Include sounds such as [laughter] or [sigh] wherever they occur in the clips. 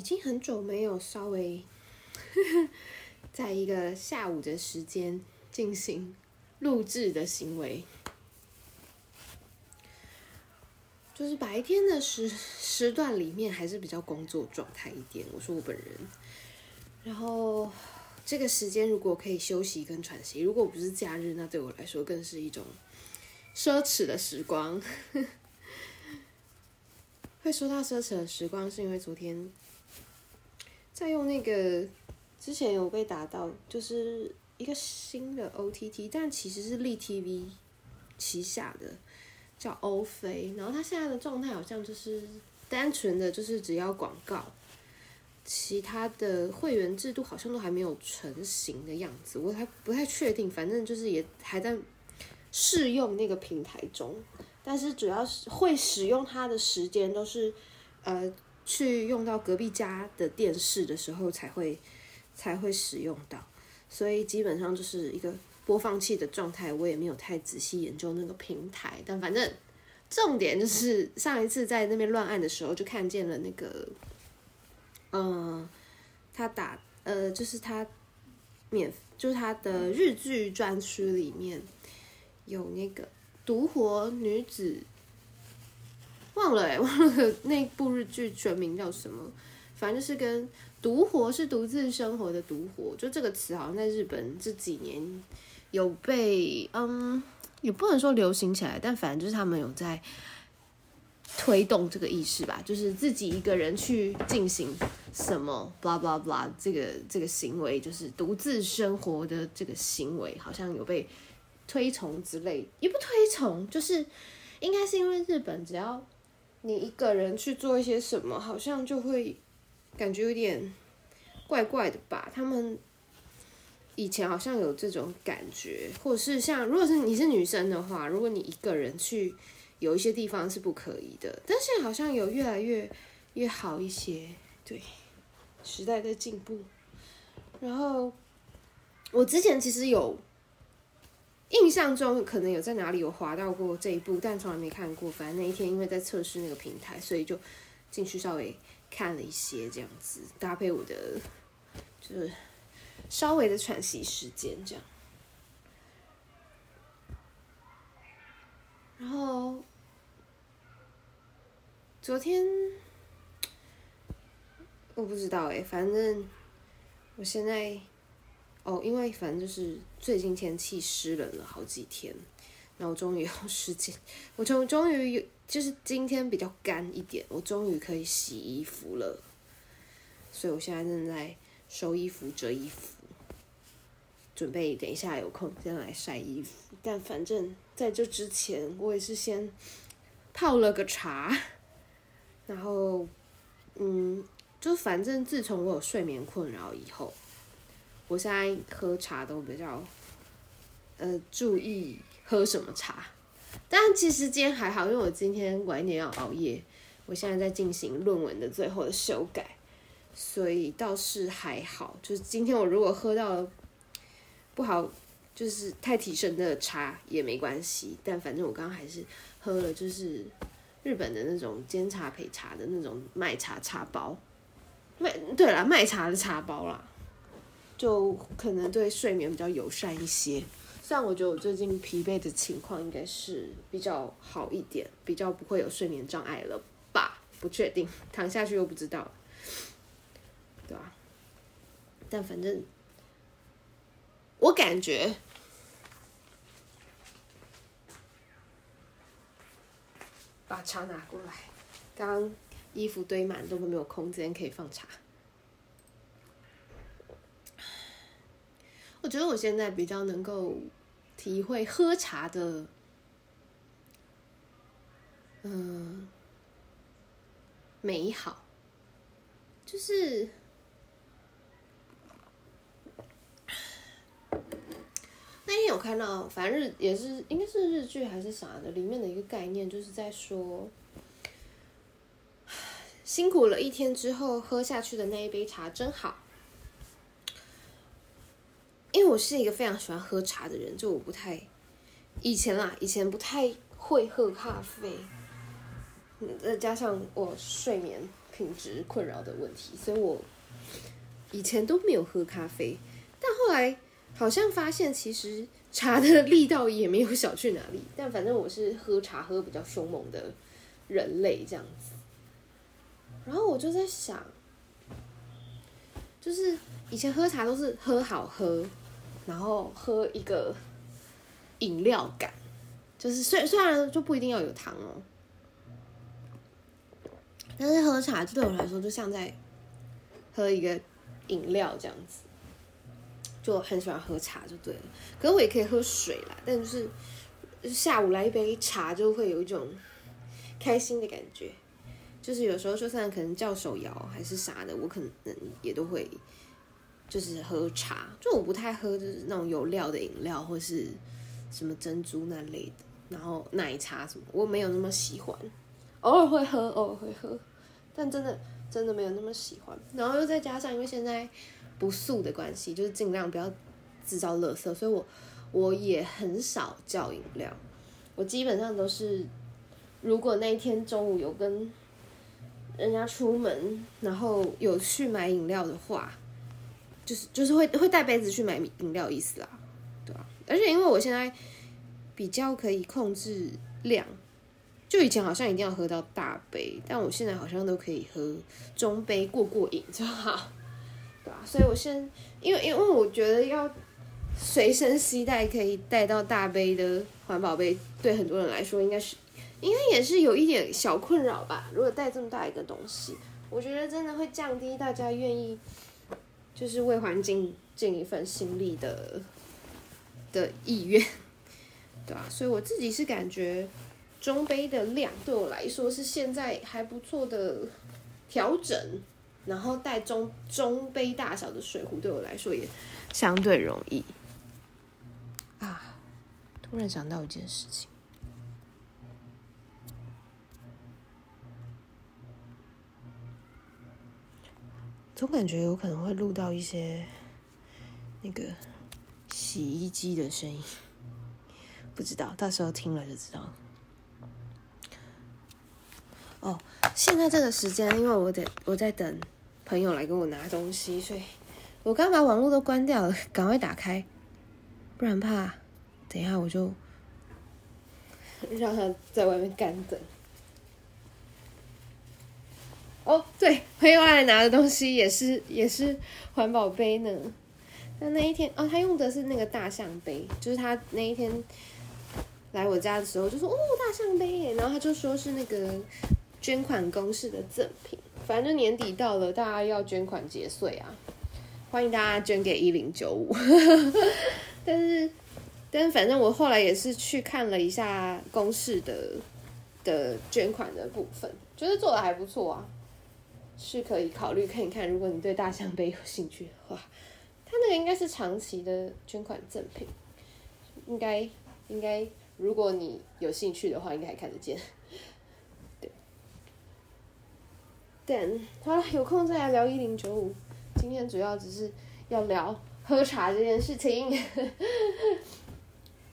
已經很久沒有稍微，在一個下午的時間進行錄制的行為，就是白天的時時段裡面還是比較工作狀態一點。我說我本人，然後這個時間如果可以休息跟喘息，如果不是假日，那對我來說更是一種奢侈的時光。會說到奢侈的時光，是因為昨天。在用那個之前有被打到，就是一個新的 OTT，但其實是立 TV 旗下的，叫歐菲。然後他現在的狀態好像就是單純的就是只要廣告，其他的會員制度好像都還沒有成型的樣子。我還不太確定，反正就是也還在試用那個平台中，但是主要是會使用它的時間都是呃。去用到隔壁家的電視的時候才會才會使用到，所以基本上就是一個播放器的狀態。我也沒有太仔細研究那個平台，但反正重點就是上一次在那邊亂按的時候，就看見了那個、呃，嗯，他打呃，就是他免，就是他的日劇專區裡面有那個獨活女子。忘了哎、欸，忘了那部日劇全名叫什麼？反正就是跟“獨活”是獨自生活的“獨活”，就這個詞好像在日本這幾年有被……嗯，也不能說流行起來，但反正就是他們有在推動這個意識吧，就是自己一個人去進行什麼 blah blah blah，這個這個行為就是獨自生活的這個行為，好像有被推崇之類，也不推崇，就是應該是因為日本只要。你一個人去做一些什麼，好像就會感覺有點怪怪的吧？他們以前好像有這種感覺，或是像如果是你是女生的話，如果你一個人去有一些地方是不可以的，但是好像有越來越越好一些，對，時代在進步。然後我之前其實有。印象中可能有在哪裡有滑到過這一部，但從來沒看過。反正那一天因為在測試那個平台，所以就進去稍微看了一些這樣子，搭配我的就是稍微的喘息時間這樣。然後昨天我不知道哎、欸，反正我現在。哦，因為反正就是最近天氣濕冷了好幾天，然後終於有時間，我終終於有就是今天比較乾一點，我終於可以洗衣服了，所以我現在正在收衣服、折衣服，準備等一下有空再來晒衣服。但反正在這之前，我也是先泡了個茶，然後嗯，就反正自從我有睡眠困擾以後。我現在喝茶都比較，呃，注意喝什麼茶，但其實今天還好，因為我今天晚一點要熬夜，我現在在進行論文的最後的修改，所以倒是還好。就是今天我如果喝到不好，就是太提神的茶也沒關係，但反正我剛剛還是喝了，就是日本的那種煎茶焙茶的那種麥茶茶包，麥對了，麥茶的茶包啦。就可能對睡眠比較友善一些，雖然我覺得我最近疲憊的情況應該是比較好一點，比較不會有睡眠障礙了吧？不確定，躺下去又不知道，對吧、啊？但反正我感覺把茶拿過來，剛衣服堆滿，都沒有空間可以放茶。我覺得我現在比較能夠體會喝茶的，嗯，美好，就是那天有看到，反正日也是應該是日劇還是啥的，裡面的一個概念就是在說，辛苦了一天之後喝下去的那一杯茶真好。我是一個非常喜歡喝茶的人，就我不太，以前啦，以前不太會喝咖啡，嗯，再加上我睡眠品質困擾的問題，所以我以前都沒有喝咖啡。但後來好像發現，其實茶的力道也沒有小去哪裡。但反正我是喝茶喝比較凶猛的人類這樣子。然後我就在想，就是以前喝茶都是喝好喝。然後喝一個飲料感，就是雖雖然就不一定要有糖哦，但是喝茶就對我來說就像在喝一個飲料這樣子，就很喜歡喝茶就對了。可是我也可以喝水啦，但是下午來一杯茶就會有一種開心的感覺。就是有時候就算可能叫手搖還是啥的，我可能也都會。就是喝茶，就我不太喝，就是那種有料的飲料或是什麼珍珠那類的，然後奶茶什麼我沒有那麼喜歡，偶爾會喝，偶爾會喝，但真的真的沒有那麼喜歡。然後又再加上因為現在不素的關係，就是盡量不要制造垃圾，所以我我也很少叫飲料，我基本上都是如果那一天中午有跟人家出門，然後有去買飲料的話。就是就是會會帶杯子去買飲料意思啦，對啊。而且因為我現在比較可以控制量，就以前好像一定要喝到大杯，但我現在好像都可以喝中杯過過癮，就好。對啊，對啊。所以我現因為因為我覺得要隨身攜帶可以帶到大杯的環保杯，對很多人來說，應該是應該也是有一點小困擾吧。如果帶這麼大一個東西，我覺得真的會降低大家願意。就是為環境盡一份心力的的意願，對吧、啊？所以我自己是感覺中杯的量對我來說是現在還不錯的調整，然後帶中中杯大小的水壺對我來說也相對容易。啊，突然想到一件事情。總感覺有可能會錄到一些那個洗衣機的聲音，不知道，到時候聽了就知道了。哦，現在這個時間，因為我得我在等朋友來給我拿東西，所以我剛把網絡都關掉了，趕快打開，不然怕等一下我就讓他在外面乾等。哦，對，朋友來拿的東西也是也是環保杯呢。但那，那一天哦，他用的是那個大象杯，就是他那一天來我家的時候就說：“哦，大象杯耶。”然後他就說是那個捐款公式的贈品，反正年底到了，大家要捐款節稅啊，歡迎大家捐給一零九五。 [laughs] 但是，但是反正我後來也是去看了一下公式的的捐款的部分，覺、就是、得做得還不錯啊。是可以考慮看一看，如果你對大象杯有興趣的話，他那個應該是長期的捐款贈品，應該，應該，如果你有興趣的話，應該看得見。對。等，好，有空再來聊一零九五。今天主要只是要聊喝茶這件事情，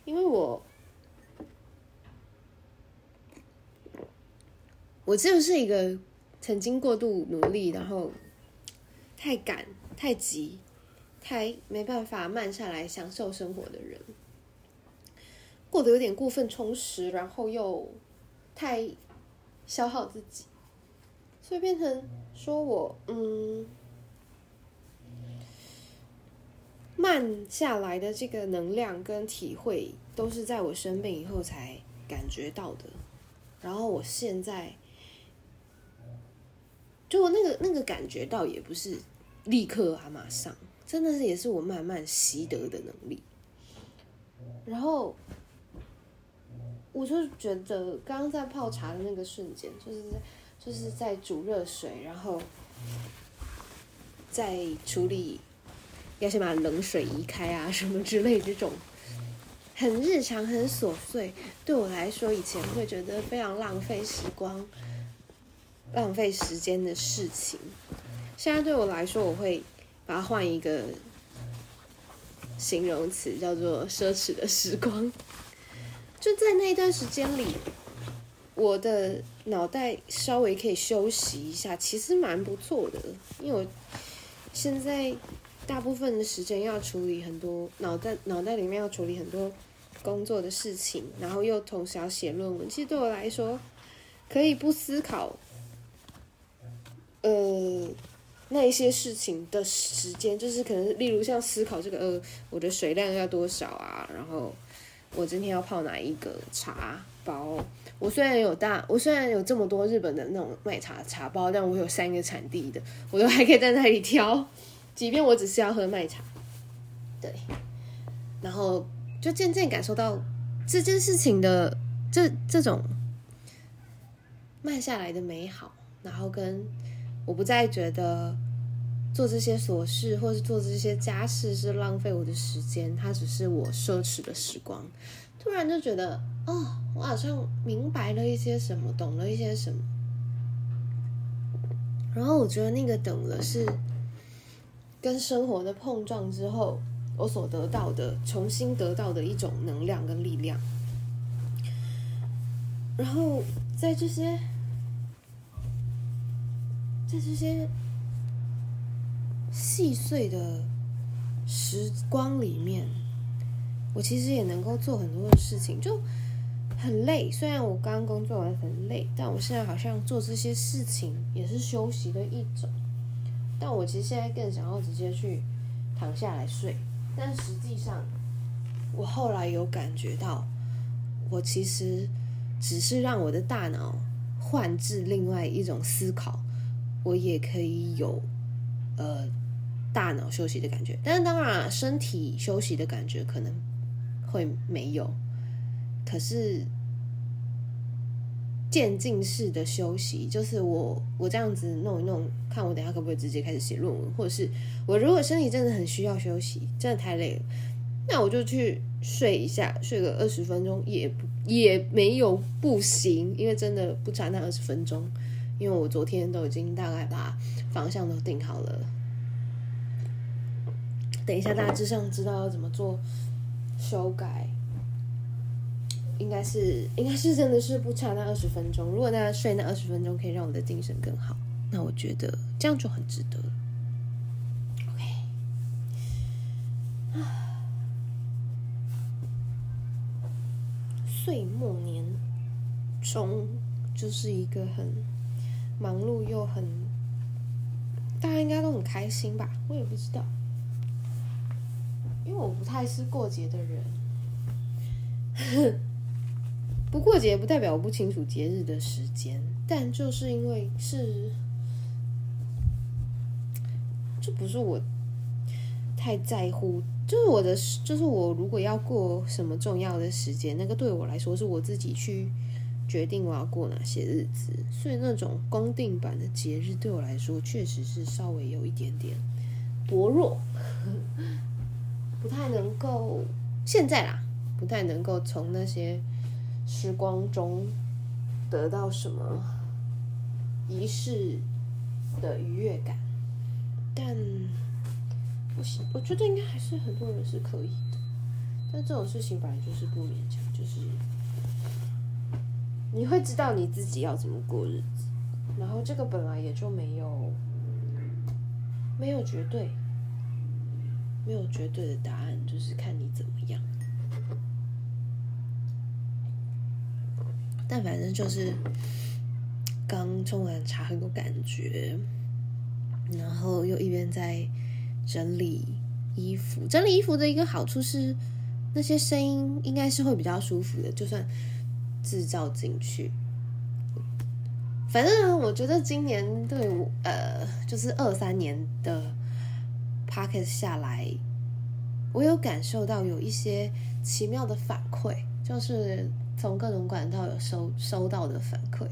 因為我我就是，是一個，曾經過度努力，然後太趕、太急、太沒辦法慢下來享受生活的人，過得有點過分充實，然後又太消耗自己，所以變成說我嗯，慢下來的這個能量跟體會都是在我生病以後才感覺到的，然後我現在。就那個那個感覺倒也不是立刻啊馬上，真的是也是我慢慢習得的能力。然後我就覺得，剛剛在泡茶的那個瞬間、就是，就是在就是在煮熱水，然後再處理，要先把冷水移開啊什麼之類的這種，很日常很瑣碎，對我來說以前會覺得非常浪費時光。浪費時間的事情，現在對我來說，我會把它換一個形容詞，叫做奢侈的時光。就在那一段時間裡，我的腦袋稍微可以休息一下，其實蠻不錯的。因為我現在大部分的時間要處理很多腦袋腦袋裡面要處理很多工作的事情，然後又同時要寫論文。其實對我來說，可以不思考。呃，那一些事情的時間，就是可能，例如像思考這個呃，我的水量要多少啊？然後我今天要泡哪一個茶包？我雖然有大，我雖然有這麼多日本的那種麥茶茶包，但我有三個產地的，我都還可以在那裡挑。即便我只是要喝麥茶，對，然後就漸漸感受到這件事情的這這種慢下來的美好，然後跟。我不再覺得做這些瑣事，或是做這些家事是浪費我的時間，它只是我奢侈的時光。突然就覺得，哦，我好像明白了一些什麼，懂了一些什麼。然後我覺得那個懂的是跟生活的碰撞之後，我所得到的，重新得到的一種能量跟力量。然後在這些。在這些細碎的時光裡面，我其實也能夠做很多的事情，就很累。雖然我剛工作完很累，但我現在好像做這些事情也是休息的一種。但我其實現在更想要直接去躺下來睡，但實際上我後來有感覺到，我其實只是讓我的大腦換置另外一種思考。我也可以有，呃，大腦休息的感覺，但是當然、啊，身體休息的感覺可能會沒有。可是漸進式的休息，就是我我這樣子弄一弄，看我等下可不可以直接開始寫論文，或者是我如果身體真的很需要休息，真的太累了，那我就去睡一下，睡個二十分鐘也也沒有不行，因為真的不差那二十分鐘。因為我昨天都已經大概把方向都定好了，等一下大致上知道要怎麼做修改，應該是應該是真的是不差那二十分鐘。如果大家睡那二十分鐘可以讓我的精神更好，那我覺得這樣就很值得。OK，歲末年終就是一個很。忙碌又很，大家應該都很開心吧？我也不知道，因為我不太是過節的人。 [laughs] 不過節不代表我不清楚節日的時間，但就是因為是，這不是我太在乎，就是我的，就是我如果要過什麼重要的時間，那個對我來說是我自己去決定我要過哪些日子，所以那種公定版的節日對我來說，確實是稍微有一點點薄弱，不太能夠現在啦，不太能夠從那些時光中得到什麼儀式的愉悅感。但不行，我覺得應該還是很多人是可以的，但這種事情本來就是不勉強，就是。你會知道你自己要怎麼過日子，然後這個本來也就沒有沒有絕對，沒有絕對的答案，就是看你怎麼樣。但反正就是剛沖完茶很有感覺，然後又一邊在整理衣服。整理衣服的一個好處是，那些聲音應該是會比較舒服的，就算。製造進去，反正我覺得今年對呃，就是二三年的 Podcast 下來，我有感受到有一些奇妙的反饋，就是從各種管道，有收收到的反饋，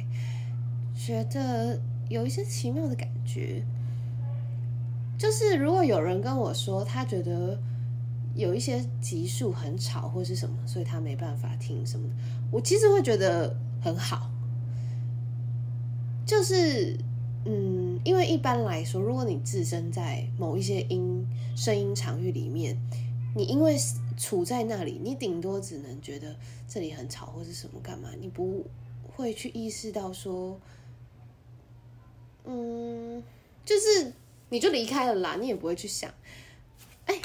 覺得有一些奇妙的感覺，就是如果有人跟我說他覺得。有一些集數很吵或是什麼，所以他沒辦法聽什麼的。我其實會覺得很好，就是嗯，因為一般來說，如果你置身在某一些音聲音場域裡面，你因為處在那裡，你頂多只能覺得這裡很吵或是什麼幹嘛，你不會去意識到說，嗯，就是你就離開了啦，你也不會去想，哎、欸。